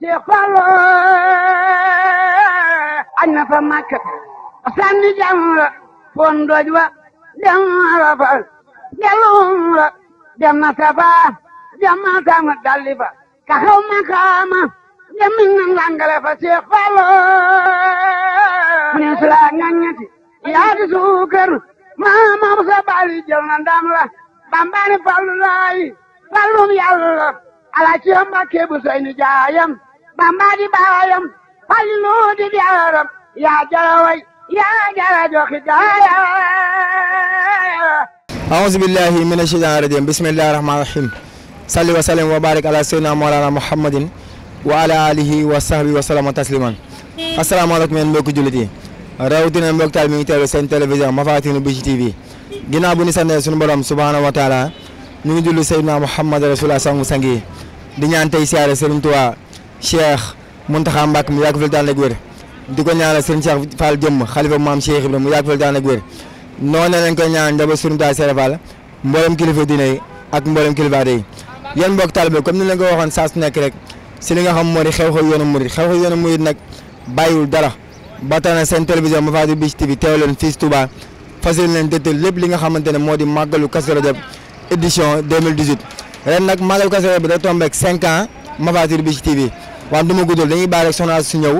Seex Fallu añ na fa màkk sànni jamra fon doj wa dem Arafat dellu umra dem na Safa dem na sama dalli fa ka xaw makaama dem mi na langale fa Seex Fallu ni sula ngañati yaa di suukar maa ma sa bali jël na ndam la Bamba Fallu laay Fallum Yàlla ala ci Mbàkke bu soy ni jaayam bamba di baayam fallu di jaaram yaa jaraway yaa jara joxi gaaya aouzu billahi min asheytan rajim bismillahi rahmani rahim salli wa sallim wa barik ala sayyidina mawlana muhammadin wa ala alihi wa sahbihi wa salama tasliman asalaamaaleykum yéen mbokki jullit yi rawatina mbokk taal mi ngi teew seen télévision Mafatihul Bichri TV ginnaaw bu ñu santee suñu borom subhaanahu wa taala ñu ngi julli sayyidina muhammad rasulullah sangu sangi di ñaan tey siyaare Serigne Touba Cheikh Mountakha Mbacké mu yàgg fi daan ak wér di ko ñaanal sëriñ Cheikh Fall jëmm xalifa maam Cheikh Ibrahima mu yàgg fi daan ak wér noonu lañ koy ñaanal njaboot sunu daal Serigne Fall mboolem kilifa diine yi ak mboolem kilifa yi yéen mbokk taalibe comme ni leen ko waxoon saa su nekk rek si li nga xam moo di xew-xew yoonu murid xew nag bàyyiwul dara ba tax na seen télévision ma faatu Bichri TV teew leen fii si Touba fas leen lépp li nga xamante ne moo di màggalu Kazu Rajab édition 2018 ren nag màggalu Kazu Mafatiir bi ci TV waaw du ma guddal dañuy bàyyi rek soxna si ñëw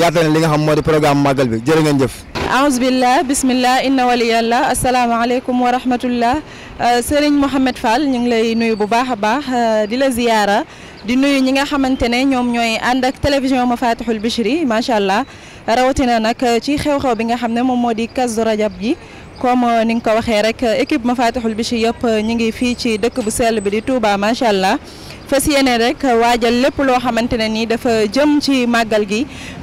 yaatal li nga xam moo di program màggal bi jërë ngeen jëf. aouzubillah bismillah inna waliyallah asalaamaaleykum wa rahmatullah euh, Serigne Mohamed Fall ñu ngi lay nuyu bu baax a baax euh, di la ziyaara di nuyu ñi nga xamante ne ñoom ñooy ànd ak télévision Mafatihul Bichri macha allah rawatina nag euh, ci xew-xew bi nga xam ne moom moo di Kazu Rajab ji kom ni nga ko waxee rek équipe Mafatihul Bichri yëpp ñu ngi fii ci dëkk bu sel bi di Touba macha allah. fas yeneen rek waajal lépp loo xamante ne nii dafa jëm ci màggal gi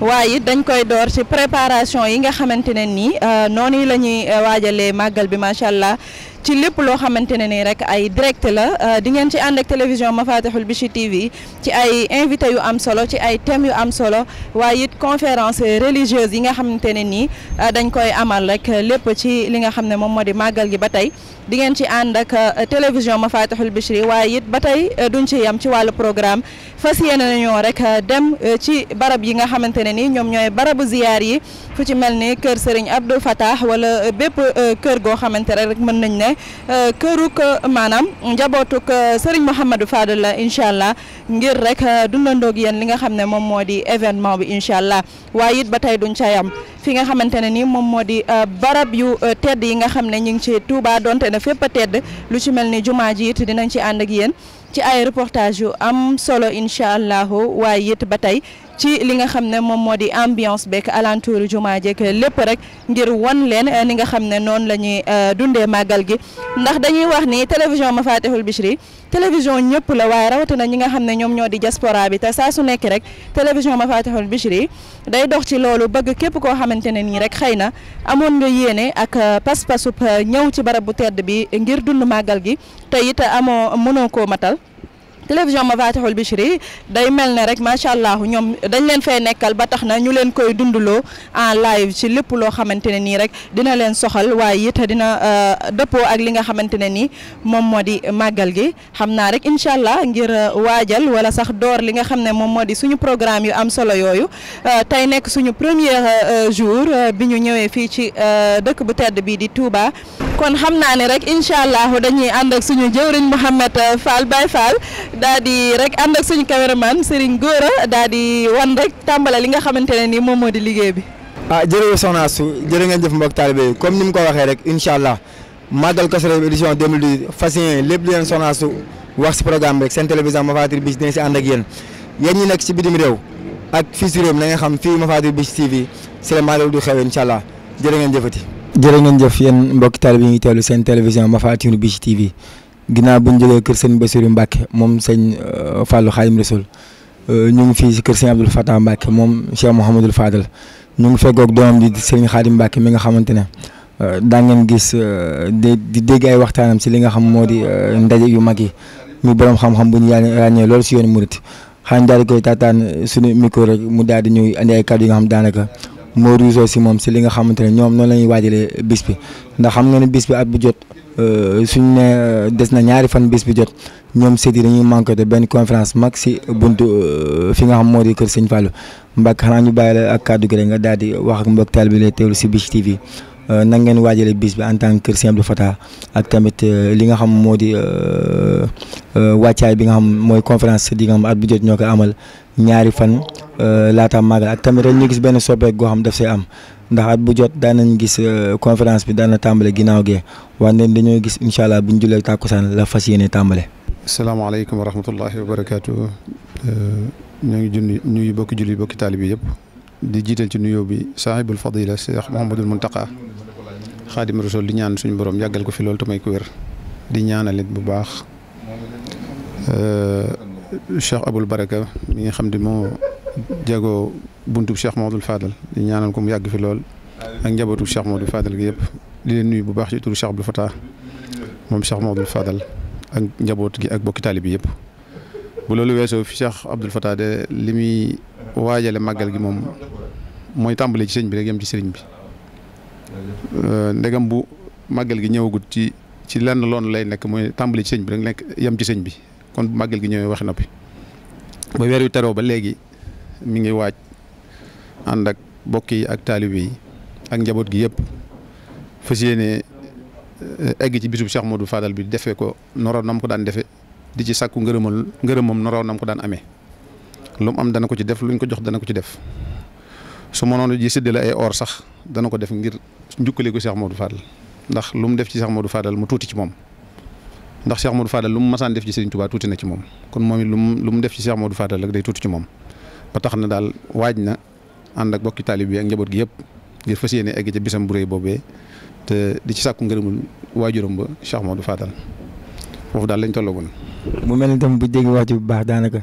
waaye dañ koy door ci préparation yi nga xamante ne nii euh, noonu la ñuy euh, waajalee màggal bi macha allah. ci lépp loo xamante ne nii rek ay direct la euh, di ngeen ci ànd ak télévision Mafatihul Bichri TV ci ay invité yu am solo ci ay thèmes yu am solo waaye it conférence religieuse yi nga xamante ne nii euh, dañ koy amal rek lépp ci li nga xam ne moom moo di màggal gi ba tey di ngeen ci ànd ak euh, télévision Mafatihul Bichri waaye it ba tey duñ ci yam ci wàllu programme fas yéene nañoo rek dem ci barab yi nga xamante ne nii ñoom ñooy barabu ziyaar yi fu ci mel ni kër Serigne Abdou wala bépp kër goo xamante rek mën nañ ne Eh, këruk eh, maanaam njabootuk eh, Serigne Mouhamadou Fadel la incha allah ngir rek dundandoog yéen li nga xam ne moom moo di événement bi incha allah waaye it ba tey duñ ca yam fi nga xamante ne ni moom moo di barab yu tedd yi nga xam ne ñu ngi ci Touba donte na fépp a tedd lu ci mel ni jumaa ji it dinañ ci ànd ak yéen ci ay reportage yu am solo incha allahu waaye it ba tey ci li nga xam ne moom moo di ambiance beeg alentour jumaa jekk lépp rek ngir won leen eh, ni nga xam ne noonu la ñuy eh, dundee màggal gi ndax dañuy wax ni télévision Mafatihul Bichri télévision ñëpp la waaye rawatina ñi nga xam ne ñoom ñoo di diaspora bi te saa su nekk rek télévision Mafatihul Bichri day dox ci loolu bëgg képp koo xamante ne nii rek xëy na amoon nga yéene ak eh, pas-pasub ñëw ci barab bu tedd bi ngir dund màggal gi te it amoo mënoo ko matal télévision Mafatihul Bichri day mel ne rek macha allah ñoom dañ leen fay nekkal ba tax na ñu leen koy dundaloo en live ci lépp loo xamante ne nii rek dina leen soxal waaye it dina euh, dëppoo ak li nga xamante ne nii moom moo di màggal gi xam naa rek incha allah ngir euh, waajal wala sax door li nga xam ne moom moo di suñu programme yu am solo yooyu euh, tey nekk suñu premier jour bi ñu ñëwee fii ci dëkk bu tedd bii di tuubaa kon xam naa ne rek incha allah dañuy ànd ak suñu jëwriñ Mouhamed euh, Fall Baye Fall daal di rek ànd ak suñu caméraman Serigne Gora daal di wan rek tàmbale li nga xamante ne nii moom moo di liggéey bi. ah jërëjëf soxna su jërë ngeen jëf mbokk taalibe yi comme ni mu ko waxee rek incha allah màggal Kazu Rajab édition 2018 fas yéene lépp leen soxna su wax si programme bi rek seen télévision Mafatir bi dina si ànd ak yéen yéen ñi nekk si bitim réew ak fii si réew mi nga xam fii bi TV si la màggal du allah jërë ngeen jëfati jërë ngeen jëf yéen mbokki taalibe yi ngi teewlu seen télévision Mafatihul Bichri TV ginnaaw bu ñu jógee kër sëñ Bassirou Mbacke moom sëñ euh, Fallou Khadim Rasoul euh, ñu ngi fii si kër sëñ Abdoul moom Cheikh Mouhamadul Fadal ñu ngi feggoog doomam di sëñ Khadim Mbacke mi nga xamante ne euh, daa gis di dégg ay waxtaanam si li nga xam moo di ndaje yu mag yi muy borom xam-xam bu ñu ràññee loolu si yoonu murit xaaral daal di koy taataan suñu micro mu daal di ñuy andi yi nga xam daanaka. moo ruusoo si moom si li nga xamante ne ñoom noonu la ñuy waajalee bis bi ndax xam nga ne bis bi at bu jot euh, suñ ne euh, des na ñaari fan bis bi jot ñoom séddi dañuy manqué te benn conférence mag si buntu euh, fi nga xam moo di kër Sëñ Fallou Mbacke xanaa ñu bàyyi la ak kàddu gi nga daal di wax ak mbokk taal bi lay teewlu si Bichri TV. Euh, na ngeen waajale bis bi en tant kër Serigne Abdou Fatah ak tamit euh, li nga xam moo di euh, wàccaay bi nga xam mooy conférence di nga xam at bu jot ñoo ko amal ñaari fan laata màggal ak tamit ren ñu gis benn soppeek goo xam daf see am ndax at bu jot daan nañ gis conférence bi daan na tàmbale ginnaaw gee wante dañoo gis incha allah bu ñu jullee tàkkusaan la fas yéene tàmbale. salaamaaleykum wa rahmatullahi wa barakaatu ñoo ngi junni ñuy bokki julli bokki taalib yi yëpp di jiital ci nuyoo bi saahibul fadila Cheikh Mouhamadul Muntaqa xaadim rasul di ñaan suñu boroom yàggal ko fi loolu te may ko wér di ñaanalit bu baax euh, Cheikh Abul Baraka mi nga xam di moo jagoo buntu Cheikh Modou Fadal di ñaanal ko mu yàgg fi lool ak njabootu Cheikh Modou Fadal yëpp di leen nuyu bu baax ci turu Cheikh Abdou moom Cheikh Modou ak njaboot gi ak bokki taalib yi yëpp. bu loolu weesoo fi Cheikh Abdou Fatah de li muy waajale màggal gi moom mooy tàmbale ci sëñ bi rek yam ci sëriñ bi. Euh, ndegam bu màggal gi ñëwagut ci ci lenn loon lay nekk mooy tàmbali ci sëñ bi rek nekk yem ci sëñ bi kon bu màggal gi ñëwee wax noppi ba weer yu teroo ba léegi mu ngi waaj ànd ak bokk yi ak taalibe yi ak njaboot gi yëpp fas yéene euh, egg ci bisub Cheikh du Fadal bi defee ko noroon nam ko daan defee di ci sàkku ngërëmal ngërëmam noroon nam ko daan amee lu mu am dana ko ci def luñ ko jox dana ko ci def su mënoon ji séddale ay or sax dana ko def ngir njukkale ko Cheikh moo Fadal ndax lu mu def ci Cheikh Modou Fadal mu tuuti ci moom ndax Cheikh Modou Fadal lu mu masaan def ci Serigne Touba tuuti na ci moom kon moom it lu mu lu mu def ci Cheikh Modou Fadal rek day tuuti ci moom ba tax na daal waaj na ànd ak bokki taalib bi njaboot gi yëpp ngir fas yéene egg ca bisam bu rëy boobee te di ci sàkku ngërëmul waajuram ba Cheikh Modou Fadal foofu daal lañ tollagoon. mu mel ni tam bu dégg wax bu baax daanaka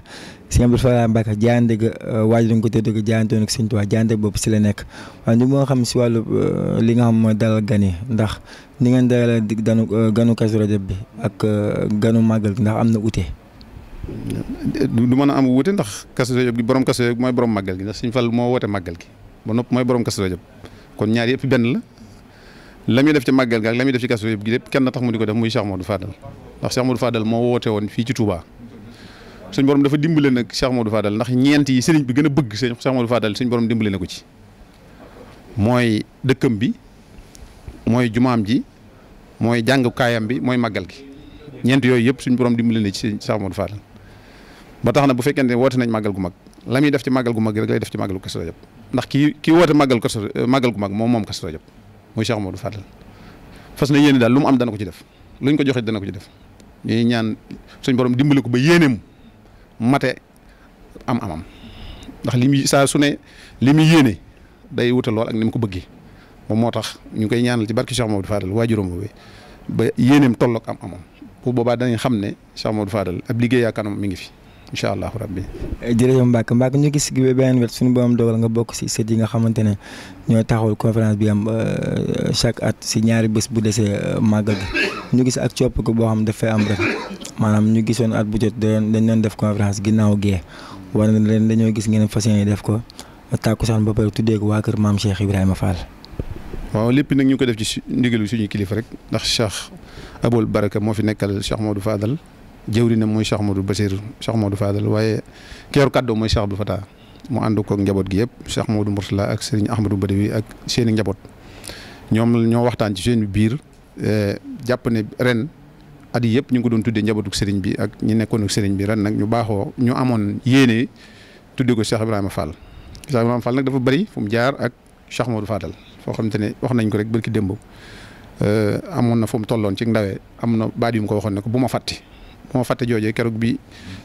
sëñ Abdou Fatah Mbacke jaayante ga euh, waajur ko tëdd ko jaayante woon ak sëñ Tuubaa jaayante boobu si la nekk waaye li moo xam si wàllu euh, li nga xam mooy dalal gan yi ndax ni ngeen dalal ganu euh, ganu Kazu Rajab bi ak ganu màggal ndax am na ute. du mën am wute ndax Kazu Rajab gi borom Kazu Rajab mooy borom gi ndax sëñ Fall moo woote màggal gi ba nopp mooy borom Kazu Rajab kon ñaar yëpp benn la. la muy def ci màggal ga ak la def ci Kazu Rajab gi lépp kenn tax mu di ko def muy Cheikh Modou Fadal ndax Cheikh Modou Fadal moo woote woon fii ci Touba suñ borom dafa dimbale nag Cheikh Modou Fadal ndax ñeent yi sëriñ bi gën a bëgg sëriñ Cheikh Modou Fadal suñ borom dimbale na ko ci mooy dëkkam bi mooy jumaam ji mooy jàngukaayam bi mooy màggal gi yooyu yëpp suñ borom dimbale na ci sëriñ Cheikh Modou tax na bu fekkente woote nañ màggal gu mag la muy def ci màggal gu mag rek def ci màggal Kazu Rajab ndax ki ki woote màggal Kazu màggal gu mag moom moom Kazu Rajab muy Cheikh Modou Fadal fas na yéene daal lu mu am dana ko ci def luñ ko joxe dana ko ci def ñuy ñaan suñ borom dimbale ko ba yéeneem mate am amam ndax li muy saa su ne li muy yéene day wuute lool ak ni mu ko bëggee moom moo tax ñu koy ñaanal ci barki Cheikh Mamadou Fadal waajuram boobu ba yéeneem tolloog am amam pour boobaa danañ xam ne Cheikh Mamadou Fadal ab liggéey ak kanam mi ngi fi incha allahu rabbi. jërëjëf Mbacke Mbacke ñu gis gi beneen wet suñu borom dogal nga bokk si sët yi nga xamante ne ñoo taxawal conférence bi am euh, chaque at si ñaari bés bu desee euh, màggal gi ñu gis ak coppite boo xam dafay am rek maanaam ñu gisoon at bu jot dañ leen def conférence ginnaaw gee war na leen dañoo gis ngeen fas yi def ko tàkkusaan ba pare tuddee ko waa kër maam Cheikh Ibrahima Fall. waaw lépp nag ñu ko def ci ndigalu suñu kilifa rek ndax Cheikh Aboul Baraka moo fi nekkal Cheikh Modou Fadal jëwriñam mooy Cheikh Modou Bachir Cheikh Modou Fadal waaye keeru kàddu mooy sax Abdou Fatah mu ànd koog njaboot gi yëpp Cheikh Modou Moursala ak Serigne Ahmadou Badawi ak seen njaboot ñoom ñoo waxtaan ci seen biir. Eh, jàpp ne ren at yii ñu ngi ko doon tuddee njabootug sëriñ bi ak ñi nekkoon ak sëriñ bi ren nag ñu baaxoo ñu amoon yéene tuddee ko Cheikh Ibrahima Fall. Cheikh Ibrahima Fall nag dafa bari fu mu jaar ak Cheikh Modou Fadal foo xam te ne wax nañ ko rek barki démb eh, amoon na fu mu tolloon ci ndawee am na baat yu mu ko waxoon ne bu ma fàtte. bu fàtte joojee keroog bi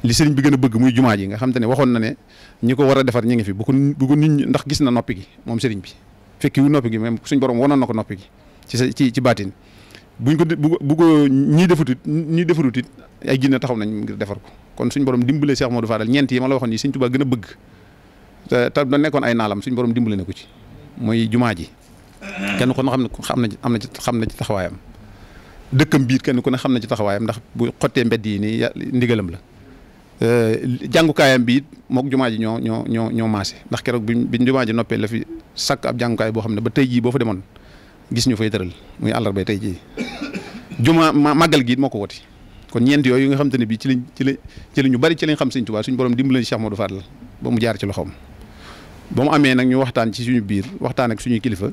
li sëriñ bi gën a bëgg muy jumaa ji nga xam ne waxoon na ne ñi ko war a ñu ngi fi bu ko bu ndax gis na noppi gi moom sëriñ bi fekki wu noppi gi même suñ borom wonoon na ko noppi gi ci ci ci baatin buñ ko bu ko ñii defutit ñii defarut it ay jinne taxaw nañ ngir defar ko kon suñ borom dimbale Cheikh Modou Fadal ñeent yi ma la waxoon nii Sëñ Tuubaa gën a bëgg te te nekkoon ay naalam suñ borom dimbale na ko ci mooy jumaa ji kenn kon ne xam ne xam na am na ci xam na ci taxawaayam dëkkam biir kenn ku ne xam na ci taxawaayam ndax bu xottee mbedd yi nii ndigalam la eh, jàngukaayam bi it mook jumaa ji ñoo ñoo ñoo ñoo maase ndax keroog biñ biñ jumaa ji noppee la fi sakk ab jàngukaay boo xam ne ba tey jii boo fa demoon gis ñu fay tëral muy àllarbay tey jii juma màggal gi moo ko woti kon ñeent yooyu nga xam te ne bii ci lañ la ci la ñu bari ci lañ xam sëñ Tuubaa suñu borom dimbali Cheikh Modou Fall ba mu jaar ci loxoom ba mu amee nag ñu waxtaan ci suñu biir waxtaan ak suñu kilifa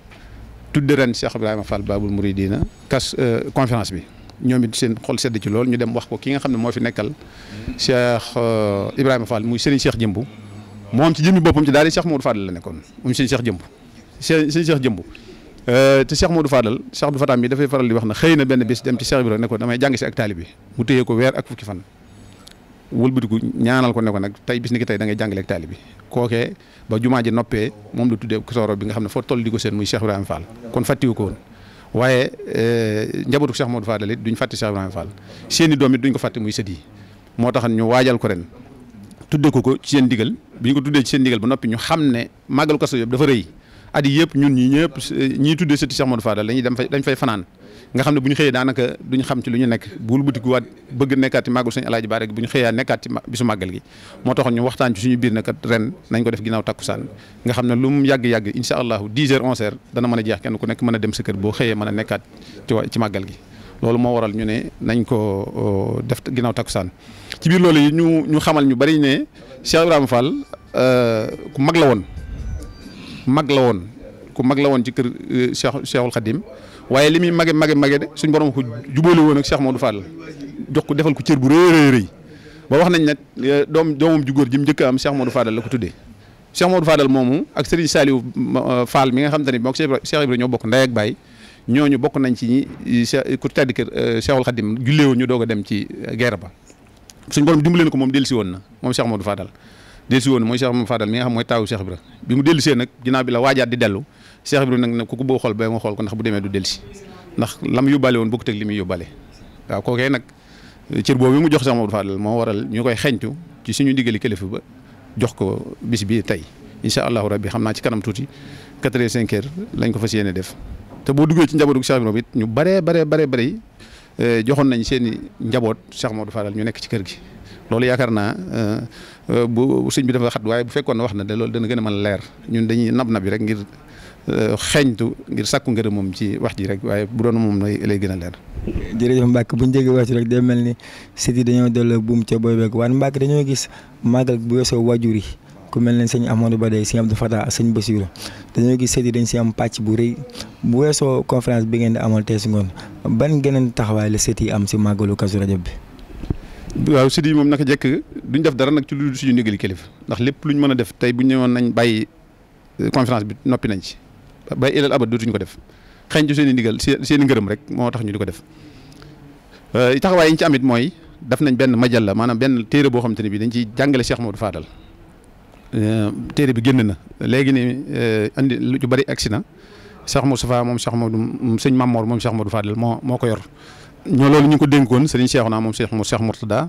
tudde ren Cheikh Ibrahima Fall Babul Mouridina kas euh, conférence bi ñoom it seen xol sedd ci lool ñu dem wax ko ki nga xam ne moo fi nekkal Cheikh euh, Ibrahima Fall muy Serigne Cheikh Jëmbu moom ci jëmmi boppam ci daal di Cheikh Modou Fall la nekkoon muy Serigne Cheikh Jëmbu Serigne Cheikh Jëmbu Euh, te Cheikh Modou Fadal Cheikh Abdou Fatam bi dafay faral di wax na xëy na benn bés dem ci Cheikh Ibrahima ne ko damay jàng si ak taalibe mu téye ko weer ak fukki fan wëlbatiku ñaanal ko ne ko nag tey bis ni ki tey da ngay jàngale ak taalibe kookee ba jumaa ji noppee moom lu tuddee sooro bi nga xam ne foo toll di ko seen muy Cheikh Ibrahima Fall kon fàttiwu ko woon waaye euh, njabootu Cheikh Modou moo it duñ fàtte Cheikh Ibrahima Fall seen i doom duñ ko fàtte muy sët yi moo tax ñu waajal ko ren tuddee ko ko ci seen ñu ko tuddee ci seen ba noppi ñu xam ne màggalu Kazu Rajab dafa rëy at yi yëpp ñun ñi ñëpp ñiy tuddee sëti Cheikh Modou Fadal dañuy dem fay dañ fay fanaan nga xam ne bu ñu xëyee daanaka duñ xam ci lu ñu nekk bul butikuwaat bëgg nekkaat ci màggal sëñ Alaaji Baare gi bu ñu xëyaa nekkaat ci bisu màggal gi moo taxoon suñu biir nakat ren ko def ginnaaw takkusaan nga xam ne lu mu yàgg-yàgg incha allahu 10 heures 11 heures dana mën a jeex kenn ku nekk mën a dem sa kër a nekkaat ci ci loolu moo waral ñu ne nañ ko def ginnaaw takkusaan ci biir loolu yi ñu ñu xamal ñu bari ne Cheikh Ibrahima Fall euh, ku mag la woon mag la woon ku mag la woon ci kër euh, Cheikh Cheikhul Khadim waaye li muy mage mage mage de suñ borom ko jubóole woon ak Cheikh Modou Fall jox ko defal ko cër bu rëy rëy ba wax nañ nag euh, doom doomam ju góor ji mu njëkk am Cheikh Modou Fadal la ko tuddee Cheikh Modou Fadal ak Serigne Saliou euh, Fall mi nga xam te ne moom Cheikh Ibrahima ñoo bokk ndey ak baay ñooñu bokk nañ ci ñi ku tedd kër Cheikhul Khadim jullee woon ñu doog a dem ci guerre ba suñ borom dimbaleen ko moom dellusi woon na moom Cheikh Modou Fadal del si woon mooy Cheikh Mame Fadal mi nga xam mooy taawu Cheikh Ibra bi mu dellu see nag ginnaaw bi la waajaat di dellu Cheikh Ibra nag ne ku ko boo xool ba ma xool ko ndax bu demee du dellu si ndax lam yóbbaale woon bokkut ak li muy yóbbaale waaw kookee nag cër boobu mu jox Cheikh Mame Fadal moo waral ñu koy xeñtu ci suñu diggali kilifa ba jox ko bis bi tey incha allahu rabbi xam naa ci kanam tuuti 4 e 5 heures lañ ko fas yéene def te boo duggee ci njabootu Cheikh Ibra it ñu baree baree baree bëri eh, joxoon nañ seen i njaboot Cheikh Mamadou Fadal ñu nekk ci kër gi loolu yaakaar naa euh, euh, bu sëñ bi dafa xat waaye bu fekkoon wax na de loolu dana gën a mën leer ñun dañuy nab nabi rek ngir euh, xeeñtu ngir sàkku ngërëm moom ci wax ji rek waaye bu doon moom lay lay a leer. jërëjëf Mbacke bu ñu déggee ci rek day mel ni sët yi dañoo delloo buum ca booy beeg waaye dañoo gis màggal bu weesoo waajur yi ku mel ne sëñ amoon Ba day sëñ Abdou Fatah sëñ ba Bassirou dañoo gis sët yi dañ si am pàcc bu rëy bu weesoo conférence bi ngeen di amoon tey si ngoon ban geneen taxawaay la sët yi am si màggalu Kazu Rajab bi waaw sidi moom nag naka jekk duñ def dara nag ci lu suñu ndigali kilifa ndax lépp luñ mën a def tey bu ñu ñëwoon nañ bàyyi euh, conférence bi noppi nañ ci bay ilal abad dootuñu ko def xëy ci seen i ndigal seen i ngërëm rek moo tax ñu di ko def euh, taxawaay yi ci amit mooy def nañ benn majalla maanaam benn téere boo xam te ne bi dañ ciy jàngale Cheikh Modou Fadal euh, téere bi génn na léegi ni andi lu ci bari agsi na Cheikh Moustapha moom Cheikh Modou suñ Mamour moom Cheikh Modou Fadal moo moo ko yor ñoo loolu ñu ko dénkoon sëriñ Cheikh naa moom Cheikh Cheikh Mourtada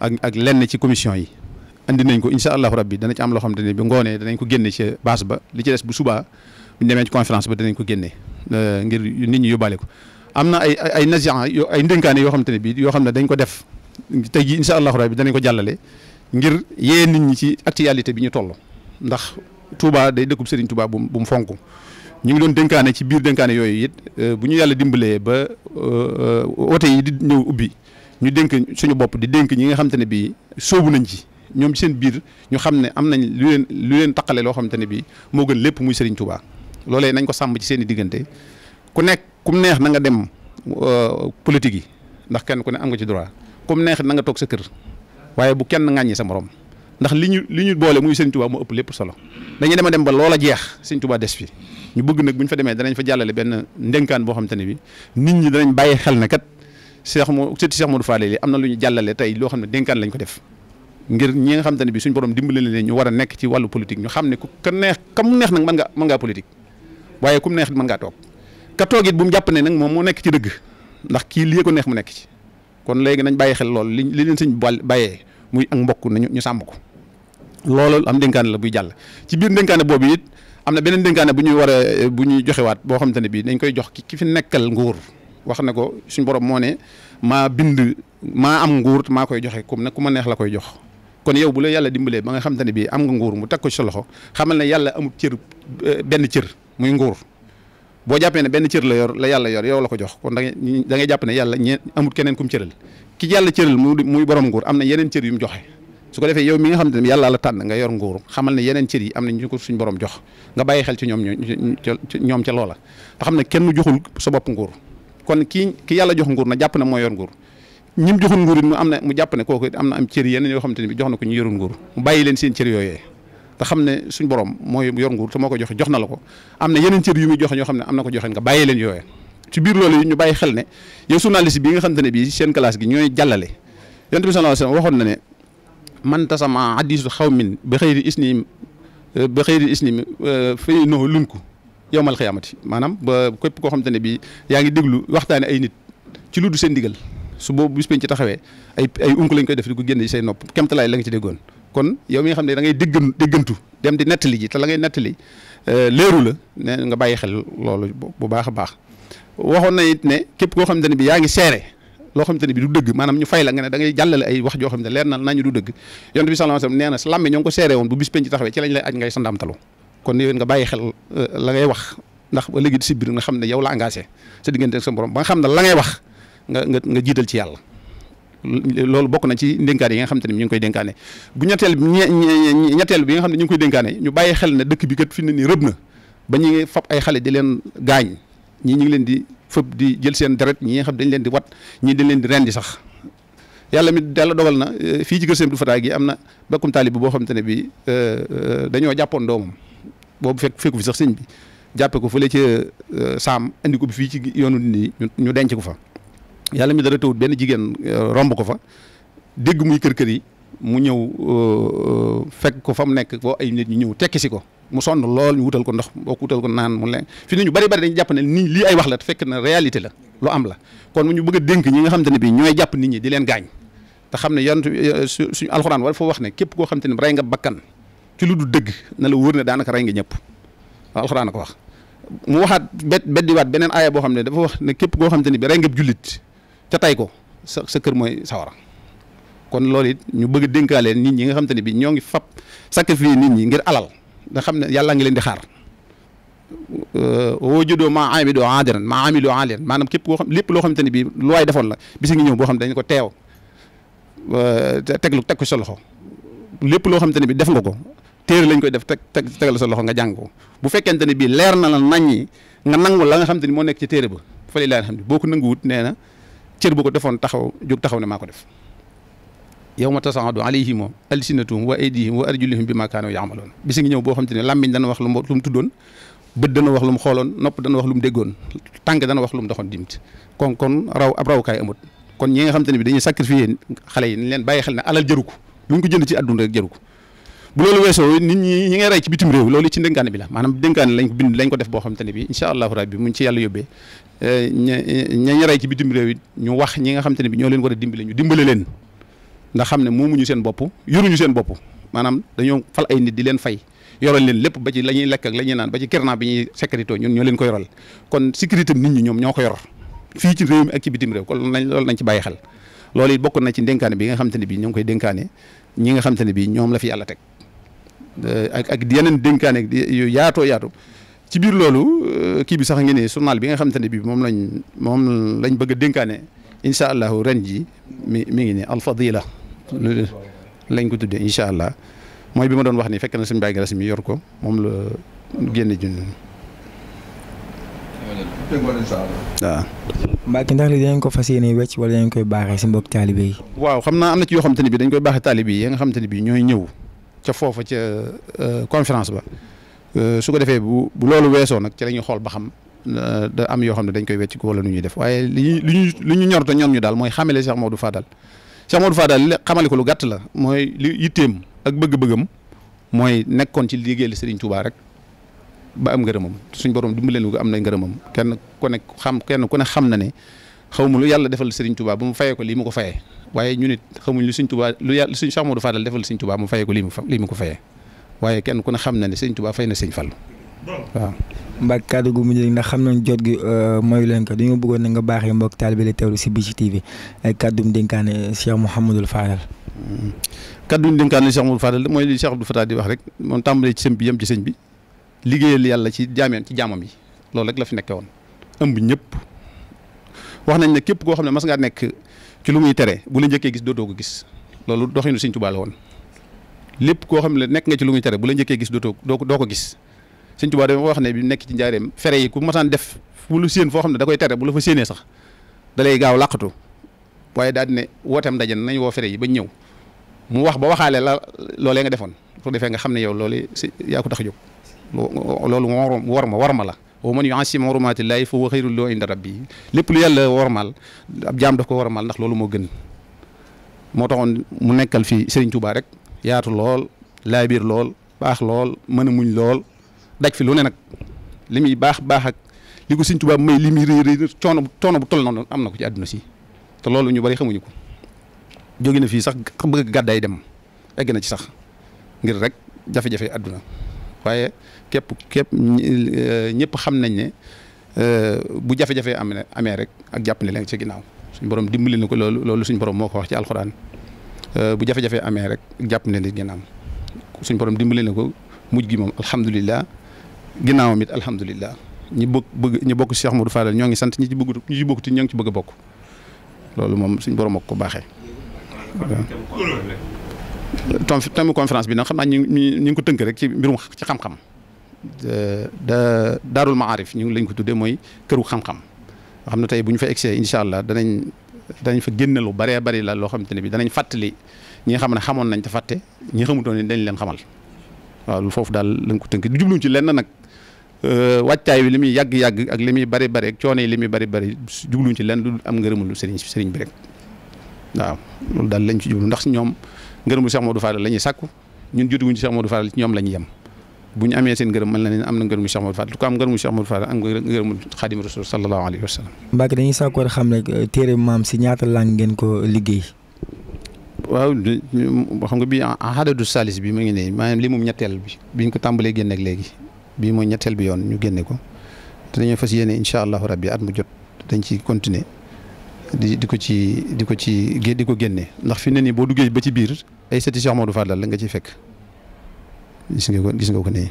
ak ak lenn ci commission yi andi nañ ko incha allahu rabbi dana ci am loo xam te ne bi ngoonee danañ ko génne ci base ba li ci des bu subaa bu ñu demee ci conférence ba danañ ko génne euh, ngir nit ñi yóbbaale ko am na ay ay nazian ay ndénkaane yoo xam te ne bi yoo xam ne dañ ko def tey jii incha allahu rabbi danañ ko jàllale ngir yee nit ñi ci actualité bi ñu toll ndax Touba day dëkkub sëriñ Touba bu mu fonk ñu ngi doon dénkaane ci biir denkaane yooyu it euh, bu ñu yàlla dimbalee ba euh, oto yi di ñëw ubbi ñu denk suñu bopp di dénk ñi nga xam te ne bii soobu nañ ci ñoom ci seen biir ñu xam ne am nañ lu leen lu loo xam te ne bii moo gën lépp muy Serigne Touba loolee nañ ko sàmb ci seen i diggante ku nekk kum neex na nga dem euh, politique yi ndax kenn ku ne am nga ci droit kum neex na nga toog sa kër waaye bu kenn ŋàññi sa morom. ndax li ñu li ñu boole muy sëñ Tuubaa moo ëpp lépp solo dañuy dema dem ba lool a jeex sëñ Tuubaa des fi ñu bëgg nag bu ñu fa demee danañ fa jàllale benn ndénkaan boo xam te ne ñi danañ bàyyi xel na kat Cheikh mo sëti Cheikh Modou Fadel am na lu ñu jàllale tey loo xam ne dénkaan lañ ko def ngir ñi nga xam te ne bi suñ borom dimbale leen ñu war a nekk ci wàllu politique ñu xam ne ku ka neex kam neex nag mën nga mën ngaa politique waaye kum neex mën ngaa toog ka toog it mu jàpp ne nag moom moo nekk ci dëgg ndax kii lii ko neex mu nekk ci kon léegi nañ bàyyi xel lool li li leen sëñ bàyyee muy ak mbokk nañu ñu sàmm ko loolu am dénkaane la buy jàll ci biir denkaane boobu it am na beneen dénkaane bu ñuy war a bu ñuy joxewaat boo xamante ne bii dañ koy jox ki fi nekkal nguur wax na ko suñ borom moo ne maa bind maa am nguur maa koy joxe comme nag ku ma neex la koy jox kon yow bu la yàlla dimbalee ba nga xamante ne bii am nga nguur mu teg ko ci sa loxo xamal na yàlla amul cër eh, benn cër muy nguur boo jàppee ne benn cër la yor la yàlla yor yow la ko jox kon da da ngay jàpp ne yàlla ñe amul keneen kum cëral ki yàlla cëral muy borom nguur am na yeneen cër yu mu joxe. su ko defee yow mi nga xam ne yàlla la tànn nga yor nguur xamal ne yeneen cër yi am nañ ñu ko suñ borom jox nga bàyyi xam ne kenn joxul sa bopp nguur kon kii ki yàlla jox nguur na jàpp ne moo yor nguur ñim joxul nguur it am na mu jàpp ne kooku am na am cër yeneen yoo xam te ne bi jox ko ñu yorul nguur mu bàyyi leen seen cër yooyee te ne suñ borom mooy yor nguur te ko joxe jox na la ko am na yeneen cër yu muy joxe ñoo xam ne am na ko joxe nga bàyyi leen yooyee ci biir loolu ñu bàyyi xel ne yow journaliste bi nga xam te ne bii seen classe gi ñooy jàllale yonent bi sallallahu alayhi wasallam waxoon na ne man tasama hadiisu xawmin ba xëyri isni ba xëy na isni eh, fay noo lunku yowmal xiyaamati maanaam ba képp koo xamante ne bii yaa ngi déglu waxtaane ay nit ci lu du seen digal su boobu bis ci taxawee ay ay unk lañ koy def di ko génne ci say nopp kemtalaay la nga ci déggoon. kon yow mi nga ne da ngay déggan déggantu dem di nettali ji te la ngay nettali eh, léeru la ne nga bàyyi xel loolu bu baax a baax waxoon na it ne képp koo xamante ne bii yaa ngi seere loo xamante ne bi du dëgg maanaam ñu fay la nga ne da ngay jàllale ay wax joo xam ne leer na nañu du dëgg yonent bi sallallahu alayhi wasallam nee na sa làmme kon yéen nga bàyyi xel euh, la si biir nga xam ne yow la engagé sa diggante ak sa borom ba nga xam ne wax nga nga nga jiital ci yàlla loolu bokk na ci ndénkaane yi nga xam te ne ñu ngi koy dénkaane bu ñetteel ñetteel bi nga xam ne ñu ngi koy dénkaane ñu bàyyi xel ne dëkk bi kat fi ne nii rëb na ba ñu fab ay xale di leen gaañ ñii ñu ngi leen di fëpp di jël seen deret ñi nga xam dañ leen di wat ñii dañ leen di di sax yàlla mi yàlla dogal na eh, fii ci kër du fa Fatah gi am na bakkum taalib boo xam te ne bi eh, eh, dañoo jàppoon doomam boobu fekk fekku fi sax sëñ bi jàppe ko fële ca saam indi ko bi fii ci yoonu nit ñi ñu denc ko fa yàlla mi dara tawut benn jigéen romb ko fa dégg muy kër kër yi mu ñëw euh, euh, fekk ko fa mu nekk boo ay nit ñu ñëw tekki si ko mu sonn lool ñu wutal ko ndox boo ko wutal ko naan mu leen fi nit ñu bari bari dañu jàpp ne nii lii ay wax la la lu am kon mu ñu bëgg dénk ñi nga xamante ne bii ñooy jàpp nit ñi di leen gaañ te xam ne yonent euh, suñu alxuraan war foo wax ne képp koo xamante ne rey nga bakkan ci lu du dëgg na la wóor ne daanaka rey nga ñëpp alxuraan ko wax mu waxaat bet beddiwaat beneen aaya boo xam ne dafa wax ne képp koo xamante ne bi rey nga jullit ca tay ko sa sa kër mooy sawara kon loolu it ñu bëgg a nit ñi nga xam te ne bii ñoo ngi fab sacrifice nit ñi ngir alal nga xam ne yàlla ngi leen di xaar woo judoo ma amidoo adiran maa amidoo adiran maanaam képp koo xam lépp loo xamante ne bii lu waay defoon la bis ngi ñëw boo ko teew teglu teg ko sa loxo lépp loo xamante ne bii def nga ko téere lañ koy def teg tegal sa loxo nga jàng bu fekkente ne bii leer na la naññi nga nangu la nga xam te ni moo nekk ci téere ba fa lay laal xam ne boo ko nanguwut nee na cër bu ko defoon taxaw jóg taxaw ne maa ko def yawma ma kaanu yaamaloon bis ngi ñëw boo xam te ne làmmiñ dana wax lu mu lu mu tuddoon bët dana wax lu mu xooloon kon kon raw xam te ne bi dañuy sacrifier xale yi nañ leen bàyyi xel ne alal jëru ko lu ñu ko jënd ci àdduna rek jëru ko bu ñi ñi ngay rey ci bitim réew loolu ci ndénkaane la maanaam dénkaane lañ ko bind lañ ko def boo xam te ne bi incha allahu rabbi muñ ci yàlla yóbbee eh, ña ña ñu ci bitim réew ñu wax ñi nga xam te ne bi ñoo leen war a dimbale ñu dimbale leen nga xam ne moomuñu seen bopp yoruñu seen bopp maanaam dañoo fal ay nit di leen fay yoral leen lépp ba ci la ñuy lekk ak la ñuy naan ba ci kerna bi ñuy sécurité ñun ñoo leen ko yoral kon sécurité nit ñi ñoom ñoo ko yor fii ci réew mi ak ci bitim réew kon loolu nañ ci bàyyi xel loolu it bokk na ci dénkaane bi nga xam te ne bii ñoo ngi koy ñi nga xam ne bii ñoom la fi yàlla teg euh, ak ak yeneen dénkaane yu yaatoo ci biir loolu euh, kii bi sax ngi ne journal bi nga xam te ne bii moom lañ moom lañ bëgg a dénkaane incha allahu ren ji mi mi ngi ne alfadila lu lañ ko tuddee incha allah mooy bi ma doon wax ni fekk na suñu bàyyi mi yor ko moom la génne junj. waaw. Mbacke ndax li dañ ko fas yéene wecc wala dañ koy baaxee si mbokk taalibe yi. waaw xam naa am na ci yoo xamante ne bi dañ koy baaxee taalibe yi nga xamante ne bii ñooy ñëw ca foofa ca euh, conférence ba euh, su ko defee bu bu loolu weesoo nag ci la ñuy xool ba xam euh, da am yoo xam ne dañ koy wecc ko wala nu ñuy def waaye li ñuy li ñu ñor ñoom ñu daal mooy xamele Cheikh Maodo Fadal. Cheikh Modou Fadal xamale ko lu gàtt la mooy li yitteem ak bëgg-bëggam mooy nekkoon ci liggéeyal Serigne Touba rek ba am ngërëmam suñ borom dimbali leen ko am na ngërëmam kenn ku ne xam kenn ku ne xam na ne xaw ma lu yàlla defal Serigne Touba ba mu fayee ko lii mu ko fayee waaye ñun it xamuñ lu Serigne Touba lu yàlla Cheikh Modou Fadal defal Serigne Touba mu fayee ko lii mu ko fayee waaye kenn ku ne xam na ne Serigne Touba fay na Serigne fal waaw mbaa kàddu gu mujj ndax xam nañ jot gi euh, mayu leen ko dañoo bëggoon na nga baaxee mbokk taal bi la teewlu si Bichri TV ay kàddum dénkaane Cheikh Mouhamadul Fadal. kàddum dénkaane Cheikh Mouhamadul Fadal mooy li Cheikh Abdou Fatah di wax rek moom tàmbalee ci sëñ bi yem ci sëñ bi liggéeyal yàlla ci jaameen ci jaamam yi loolu rek la fi nekkee woon ëmb ñëpp wax nañ ne képp koo xam ne mas ngaa nekk ci lu muy tere bu la njëkkee gis dootoo ko gis loolu doxinu sëñ Tuubaa la woon lépp koo xam ne nekk nga ci lu tere bu la njëkkee gis dootoo doo ko gis Sëñ Tuubaa dafa wax ne bi nekk ci njaareem fere yi ku masaan def fu lu séen foo xam ne da koy tere bu la fa séenee sax da lay gaaw làqatu waaye daal di ne wooteem ndaje nañ woo fere yi ba ñëw mu wax ba waxaale la loolee nga defoon su defee nga xam ne yow loolu si yaa ko tax a jóg loolu war ma war ma la wa man yu'azzim hurumaatillaahi fa huwa xayrun lahu inda rabbi lépp lu yàlla warmaal ab jaam daf ko warmaal ndax loolu moo gën moo taxoon mu nekkal fii Serigne Touba rek yaatu lool laabiir lool baax lool mën a muñ lool daj fi lu ne nag li muy baax baax ak li ko Sëñ Tuubaa may li muy rëy rëy coono coono bu toll noonu am na ko ci àdduna si te loolu ñu bari xamuñu ko jóge na fii sax bëgg gàddaay dem egg na ci sax ngir rek jafe-jafe àdduna waaye képp képp eh, ñëpp xam nañ ne eh, bu jafe-jafe am ne amee rek ak jàpp ne leen ci ginnaaw suñ borom dimbali na ko loolu loolu suñu borom moo ko wax ci alxuraan eh, bu jafe amee rek jàpp ne leen ginnaaw suñu borom dimbali na ko mujj gi moom alhamdulilah. ginnaawam it alhamdulilah ñi bëgg bëgg ñi bokk Cheikh Modou Fadal ñoo ngi sant ñi ci bëgg ñi ci bokk ti ñoo ngi ci bokk loolu moom suñ borom ak ko baaxe tom thème bi na xam naa ñi ñu ngi ko tënk rek ci mbirum ci xam-xam. da daarul maarif ñu ngi lañ ko tuddee mooy këru xam-xam nga tey bu ñu fa egsee incha allah danañ danañ fa génne lu baree bari la loo xam ne bi danañ fàttali ñi nga xam ne xamoon nañ te fàtte ñi xamutoon i dañ leen xamal. waaw foofu daal lañ ko tënk du jubluñ ci lenn nag euh, wàccaay bi li muy yàgg-yàgg ak li muy bari bari ak coono yi li muy bari bari jubluñ ci lenn am ngërëmul sëriñ sëriñ bi rek waaw loolu daal lañ ci jublu ndax ñoom ngërëmul Cheikh Modou Fall la ñuy sàkku ñun jotuguñ ci Cheikh Modou Fall ñoom la ñuy yem bu ñu amee seen ngërëm mën na leen am na ngërëmu Cheikh Modou Fall lu ko am ngërëmu Cheikh Modou Fall am nga ngërëmu Xaadimu Rasuul sallallahu alayhi wa sallam Mbacke dañuy sàkkoon xam ne euh, téere maam si ñaata lang ngeen ko liggéey waaw xam nga bii xadadu ah, ah, salis bi mu ngi ne maanaam li mu ñetteel bi biñ ko tàmbalee génne ak léegi bii mooy ñetteel bi yoon ñu génne ko te dañoo fas yéene incha allahu rabbi at mu jot dañ ci continuer di di ko ci di ko ci di ko génne ndax fi ne nii boo duggee ba ci biir ay sëti moo Modou Fadal la nga ciy fekk gis nga ko gis nga ko ne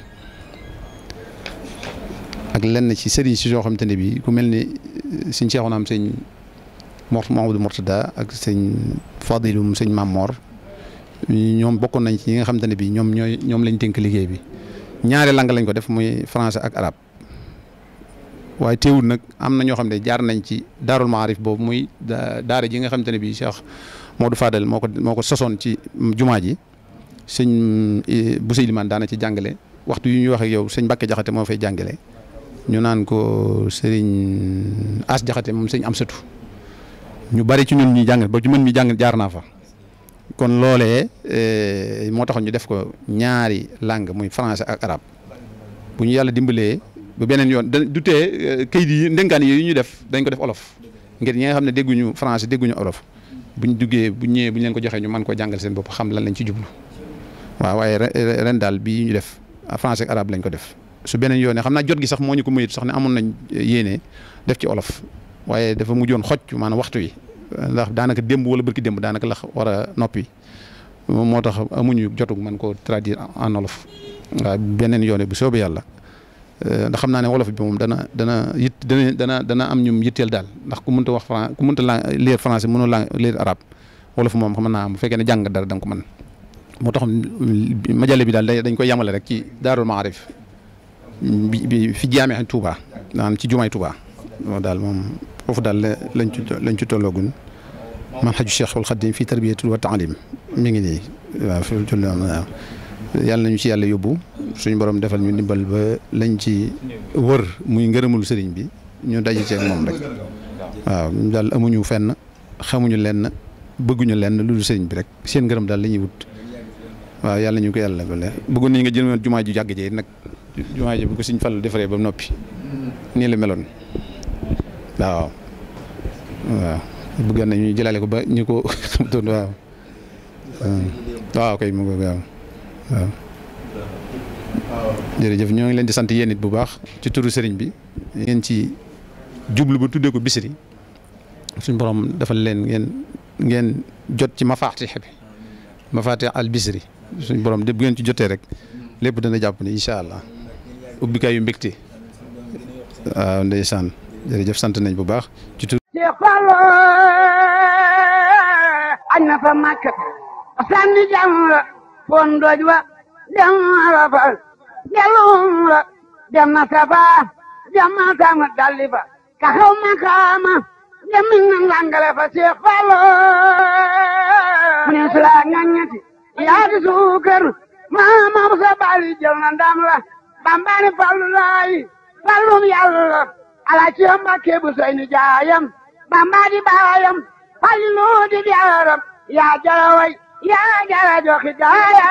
ak lenn ci sëriñ si yoo xamante ne bii ku mel ni suñ Cheikhouna am sëñ Mor Mamadou da ak sëñ Fadilum sëñ Mamor ñoom bokkoon nañ ci ñi nga xamante ne bii ñoom ñooy ñoom lañ dénk liggéey bi ñaari lang lañ ko def muy français ak arabe waaye teewul nag am na ñoo xam ne jaar nañ ci daarul maarif boobu muy daara ji nga xamante ne bii Cheikh Modou Fadel moo ko moo ko sosoon ci jumaa ji sëñ eh, bu sa ilimaan daana ci jàngale waxtu yu ñuy wax ak yow sëñ Mbàkke Jaxate moo fay jàngale ñu naan ko sëriñ As Jaxate moom sëñ am sëtu ñu bari ci ñun ñuy jàng ba ci mën mi jàng jaar naa fa kon loolee eh, moo taxoon ñu def ko ñaari langue muy français ak arabe bu ñu yàlla dimbalee bu beneen yoon du tee eh, kayit yi ndénkaan yi ñu def dañ ko def olof ngir ñi nga xam ne dégguñu français dégguñu olof ñu duggee bu ñëwee bu ñu leen ko joxee ñu man koo jàngal seen bopp xam lan lañ ci jublu waaw waaye ren daal bii ñu def français ak arabe lañ ko def su beneen yoon xam naa jot gi sax moo ñu ko mayit sax ne amoon nañ eh, yéene def ci olof waaye dafa mujjoon xoj maanaam waxtu wi ndax daanaka demb wala bërki demb daanaka la war noppi moom moo tax amuñu jotug man koo traduire en wolof waaw beneen yoone bu soobee yàlla euh, ndax xam naa ne wolof bi moom dana dana yit dana dana am ñum yitteel daal ndax ku mënta wax fran ku mënta laa lire français mënoo la lire arabe wolof moom xam naa bu fekkee ne jàng dara da moo tax majale bi daal dañ koy yamale rek ci daarul maarif bi fi jaamee Touba maanaam ci jumaay Touba daal moom foofu daal lañ ci lañ ci tolloogun man xaju Cheikhul Xadim fii tarbiyati wa taalim mi ngi nii waaw fi yàlla nañu ci yàlla yóbbu suñu boroom defal ñu ndimbal ba lañ ci wër muy ngërëmul sëriñ bi ñu daje ceeg moom rek waaw daal amuñu fenn xamuñu lenn bëgguñu lenn lu dul sëriñ bi rek seen ngërëm daal la ñuy wut waaw yàlla ñu ko yàlla bale bëggoon nañu nga jël jumaa ju jàgg jee nag jumaa ji bu ko Sëriñ defaree ba noppi nii la meloon waaw waaw na ñu jëlale ko ba ñu ko xamutoon waaw kay mu ngi waaw waaw jërëjëf ñoo ngi leen di sant yéen bu baax ci turu sëriñ bi ngeen ci jublu bu tuddee ko bisiri suñ borom defal leen ngeen ngeen jot ci mafaatix bi mafaatix al bisiri suñ borom de bu ngeen ci jotee rek lépp dana jàpp ne incha allah ubbikaayu mbégte waaw ndeysaan jërëjëf sant nañ bu baax. ci tur. añ na fa màkk sànni jàmm la foon doj wa dem la dem na Safa tam dalli fa ka xaw ma kaama dem na langale fa Cheikh Fallo mu ne su la ngañati yaati suukar ma sa bali jël na ndam la bambani fallu laayi fallum yàlla alaaji Mbakke bu sey ni jaayam Bamba di baayam Falilu di jaaram yaa jara way yaa jara joxi daaya